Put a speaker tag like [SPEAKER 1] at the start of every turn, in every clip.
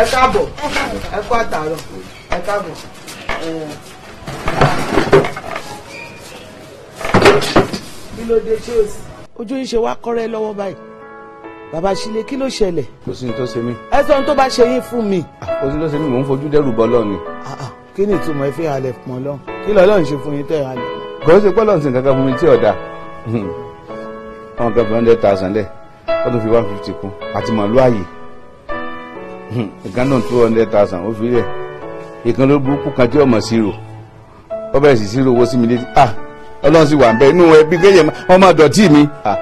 [SPEAKER 1] ẹ káàbọ̀ ẹ kú àtàárọ̀ ẹ káàbọ̀. kí ló dé tí o sì. ojú yìí ṣe wá kọ́rẹ́ lọ́wọ́ báyìí bàbá sílé kí ló ṣẹlẹ̀. kò sí ní tó ṣe mí. ẹ sọ ohun
[SPEAKER 2] tó bá ṣe yín fún mi. Ah, kò sí ní tó ṣe mí mò ń fojú dẹ́rù bọ́ lọ́ọ̀ ni. Ah,
[SPEAKER 1] ah, kí ni ìtumọ̀ ẹ fi halẹ̀ pọ̀n lọ́hùn kí lọ́lọ́run ṣe fún yín tẹ̀ halẹ̀.
[SPEAKER 2] kò ó ṣe pọ́lọ́ọ̀ sí nǹkan kan fún mi tí hmm. ọ̀dà àwọn kan hundred thousand lẹ̀ wọ́n fi one fifty kún àti màálù ìkan náà two hundred thousand ó fi lẹ̀ ìkan ló burúkú kan tí ọmọ sí rò ó bẹ̀rẹ̀ sí sí rò owó sí mi létí ah ọlọ́run sì wà ń bẹ inú ẹbí kéye wọn máa mi. Ah.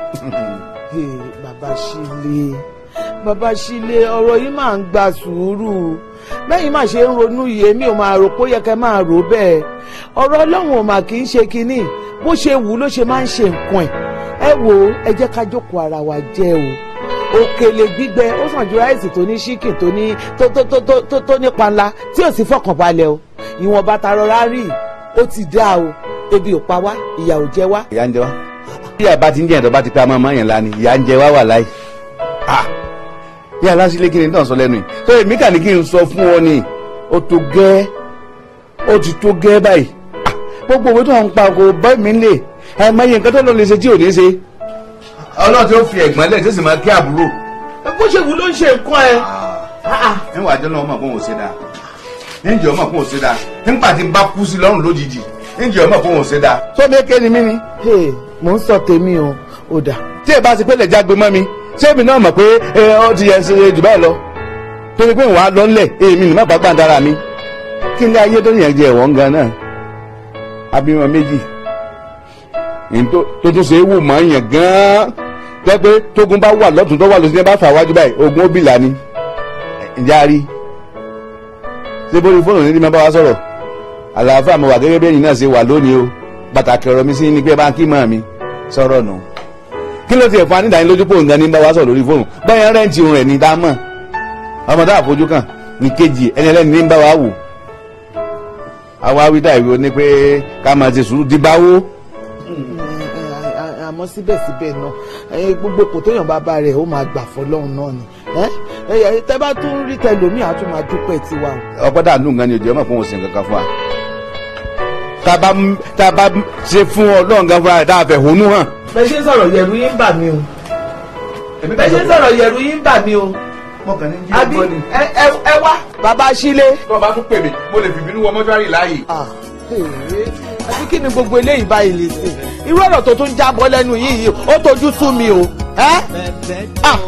[SPEAKER 1] bàbá sílé bàbá sílé ọ̀rọ̀ yìí máa ń gba sùúrù bẹ́yìn máa ṣe ń ronú iye èmi ò máa rò pé ó yẹ kẹ́ máa rò bẹ́ẹ̀ ọ̀rọ̀ ọlọ́run ò mà kì í ṣe kínní bó ṣe wù ú ló ṣe máa ń ṣe nǹkan ẹ̀ ẹ wò ó ẹ jẹ́ ká jókòó ara wa jẹ́ o. òkèlè gbígbẹ ó sàn ju ráìsì tó ní ṣíkìn tó ní tó tó tó tó tó ní panla tí ò sì fọkànbalẹ̀ o ìwọ̀nba ta rọra rí ó ti dá o ebi ò pa wá ìyà ò jẹ wá. ìyà ń jẹ wá
[SPEAKER 2] bí àbá ti ń jẹyàn tó bá ti pé àmọ́ ọmọ yẹn la ni ìyà ń jẹ wá wà láì yà lásìlẹ̀ kí ni náà sọ lẹ́nu yìí tó èmi kà ní kí n sọ fún ọ ni ó tó gẹ́ ó ti tó gẹ́ báyìí gbogbo òwe tó ń pa kò bá mi lè àìmọye nǹkan tó lọ lè ṣe tí ò ní ṣe ọlọ́run tí ó fi ẹ̀gbọ́n lẹ̀ tí ó sì máa kí àbúrò bó ṣe wù ló ń ṣe nǹkan ẹ. níwájú ọjọ́ náà mọ̀ pé òun ò ṣe dáa níjẹ́ ọmọ pé òun ò ṣe dáa nígbà tí bá kú sí lọ́rùn lójijì níjẹ́ ọmọ pé òun ò ṣe dáa. sọ́dẹ́kẹ́ ni mí ni. mò ń sọ tèmi o ò dà tí èèbá ti pélé jágbe mọ́ mi ṣé èmi náà mọ̀ pé ọ ti yẹ ṣe jù báyìí lọ torí pé wàá lọ nílẹ̀ èmi nì má bàa gbàǹdara mi kí ní ayé tó yẹn jẹ ẹ̀wọ̀n gan náà abímọ méjì tó tún ṣe é wò mọ́ yẹn gan-an jẹ́ pé tógun bá wà lọ́tún tó wà lọ́sí ẹ bá fà wájú báyìí ogun obìlà ni ìjárí ṣé bórí fóònù nídìí máa bá wa sọ̀rọ̀ àlàáfíà mi wà gẹ́gẹ́ bí ẹ̀yìn náà ṣe wà lónìí o pàtàkì ọ̀rọ̀ mi sí ni pé bá ń kí mọ́ mi sọ̀rọ̀ nù. kí ló ti ẹ̀fọn anídàánilójú pò nǹkan ní bá wa sọ̀rọ̀ lórí fóònù báyọ̀ rẹ́ǹtì rẹ̀ ní dámọ̀ ọmọ tá àfojú kàn ní kejì ẹni ẹlẹ́ni ní bá wa wò àwa wí dà ìwé oní pé ká máa ti sùúrù dìbáwó
[SPEAKER 1] àmọ́ síbẹ̀síbẹ̀ náà gbogbo kò téèyàn bá bá rẹ̀ ó máa gbà fọlọ́run náà ni tẹ bá tún rí tẹlòmíì àtún máa dúpẹ́ tiwa.
[SPEAKER 2] ọgbọ́dà nù nǹkan ni òjò ọmọ fún òsìn kankan fún wa tá a ṣe fún ọlọ́run gan fúnra rẹ̀ tá fẹ̀ honú hàn. bẹ́ẹ̀ ṣe ń sọ̀rọ̀ yẹ̀rù yín bà mí o bẹ́ẹ̀ ṣe ń sọ̀rọ̀ yẹ̀rù yín bà mí o àbí
[SPEAKER 1] ẹ wá bàbá sílé. tó tún pè mí mo lè fi bínú wọ mọ́ṣúárì láàyè. Ah, àti kí ni gbogbo eléyìí bá ilé sí irú ọ̀rọ̀ tó tún jábọ́ lẹ́nu yìí ó tojú sú mi o ẹ́ ah